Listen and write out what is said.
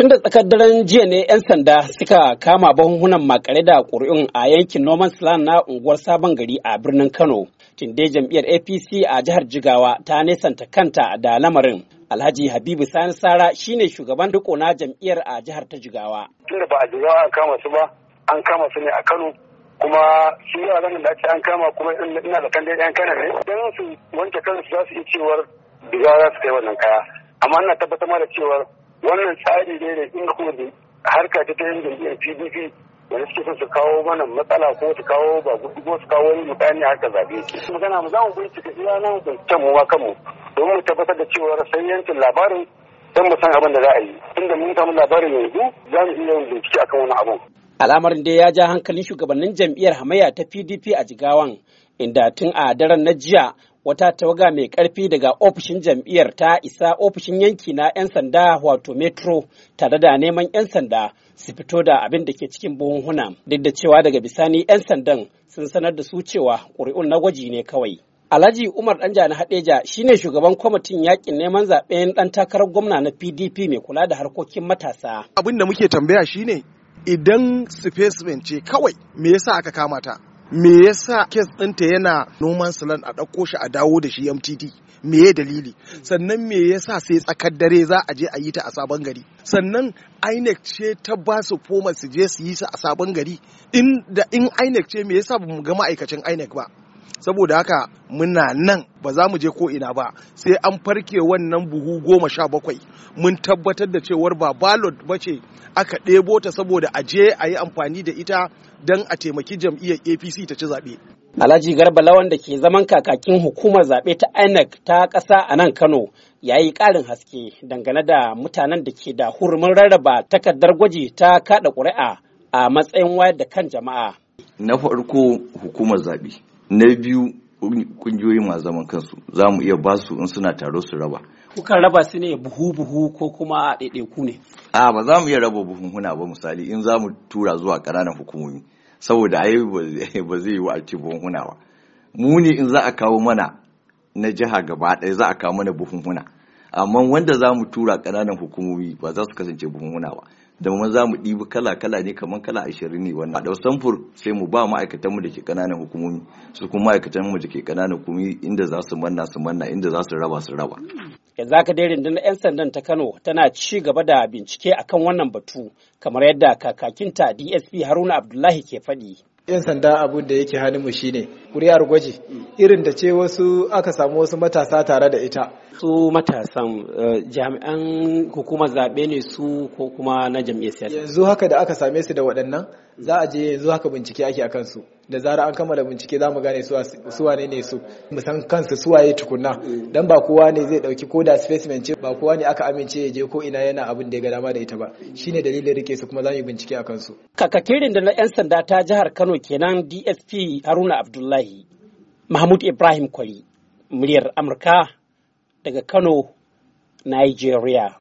Tun da tsakar daren jiya ne 'yan sanda suka kama bahunhunan makare da ƙuri'un a yankin Noman Land na unguwar Sabon Gari a birnin Kano. Tunde jam'iyyar APC a jihar Jigawa ta nesanta kanta da lamarin. Alhaji Habibu Sani Sara shine shugaban riko na jam'iyyar a jihar ta Jigawa. Tunda ba a Jigawa an kama su ba, an kama su ne a Kano kuma su yi yaran da ake an kama kuma ina da kan dai 'yan kana ne. Dan su wanke kansu za su yi cewar Jigawa za su kai wannan kaya. Amma ina tabbatar da cewar wannan tsari ne da in kuma da harka ta yin jam'iyyar pdp wani suke so su kawo mana matsala ko su kawo ba gudu su kawo wani mutane haka zabe magana mu za mu bincika iya nan binciken mu ma kanmu domin mu tabbatar da cewa sai yankin labarin don mu san abin da za a yi tunda mun samu labarin yanzu za mu iya yin bincike akan wani abu. al'amarin dai ya ja hankalin shugabannin jam'iyyar hamayya ta pdp a jigawan inda tun a daren na jiya wata tawaga mai karfi daga ofishin jam'iyyar ta isa ofishin yanki na 'yan sanda wato metro tare da neman 'yan sanda su fito da abin da ke cikin buhunhuna duk da cewa daga bisani 'yan sandan sun sanar da su cewa ƙuri'un na gwaji ne kawai Alhaji Umar na Hadeja shine shugaban kwamitin yakin neman zaɓen ɗan takarar gwamna na PDP mai kula da harkokin matasa. Abin da muke tambaya shine idan spaceman ce kawai me yasa aka kama ta? me yasa kes ɗinta yana noman salon a ɗauko shi a dawo da shi MTT me ya dalili sannan me yasa sai tsakar dare za a je a yi ta a sabon gari sannan INEC ce ta ba su foma su je su yi su a sabon gari in da in INEC ce me yasa ba mu ga ma'aikacin INEC ba saboda haka muna nan ba za mu je ko ina ba sai an farke wannan buhu goma sha bakwai mun tabbatar da cewar ba ballot ba ce aka ɗebo ta saboda a je a yi amfani da ita don a taimaki jam'iyyar apc ta ci zaɓe Alhaji Garba Lawan da ke zaman kakakin hukumar zaɓe ta INEC ta ƙasa a nan Kano ya yi ƙarin haske dangane da mutanen da ke da hurumin rarraba takardar gwaji ta kaɗa ƙuri'a a matsayin wayar da kan jama'a. Na farko hukumar zaɓe na biyu kungiyoyi masu zaman kansu za mu iya ba su in suna taro su raba kukan raba su ne buhu-buhu ko kuma ɗaiɗaiku ne a ba za mu iya raba buhunhuna ba misali in za mu tura zuwa ƙananan hukumomi saboda ai ba zai yi wa a buhunhuna ba mu ne in za a kawo mana na jiha gaba ɗaya za a kawo mana buhunhuna amma wanda za mu tura ƙananan hukumomi ba za su kasance buhunhuna ba da mu za mu ɗibi kala-kala ne kamar kala ashirin ne wannan da samfur sai mu ba ma'aikatanmu da ke ƙananan hukumomi su kuma ma'aikatanmu da ke ƙananan hukumomi inda za su manna su manna inda za su raba su raba. yanzu aka dai rundunar 'yan sandan ta kano tana ci gaba da bincike akan wannan batu kamar yadda kakakinta dsp haruna abdullahi ke faɗi. 'yan sanda abun da yake hannunmu shine ƙuri'ar gwaji irin da ce wasu aka samu wasu matasa tare da ita su matasan eh, jami'an hukumar zaɓe ne su ko kuma na jam'iyyar siyasa yanzu haka da aka same su da waɗannan za a je yanzu haka bincike ake akan su da zara an kammala bincike za mu gane su wane ne su musan kansu su waye tukunna dan ba kowa ne zai dauki ko da specimen ce ba kowa ne aka amince ya je ko ina yana abin da ya ga dama da ita ba shine dalilin rike su kuma za mu bincike akan su kakakirin da na yan sanda ta jihar Kano kenan DSP Haruna Abdullahi, Mahmud Ibrahim Kwari, muryar Amurka daga Kano, Nigeria.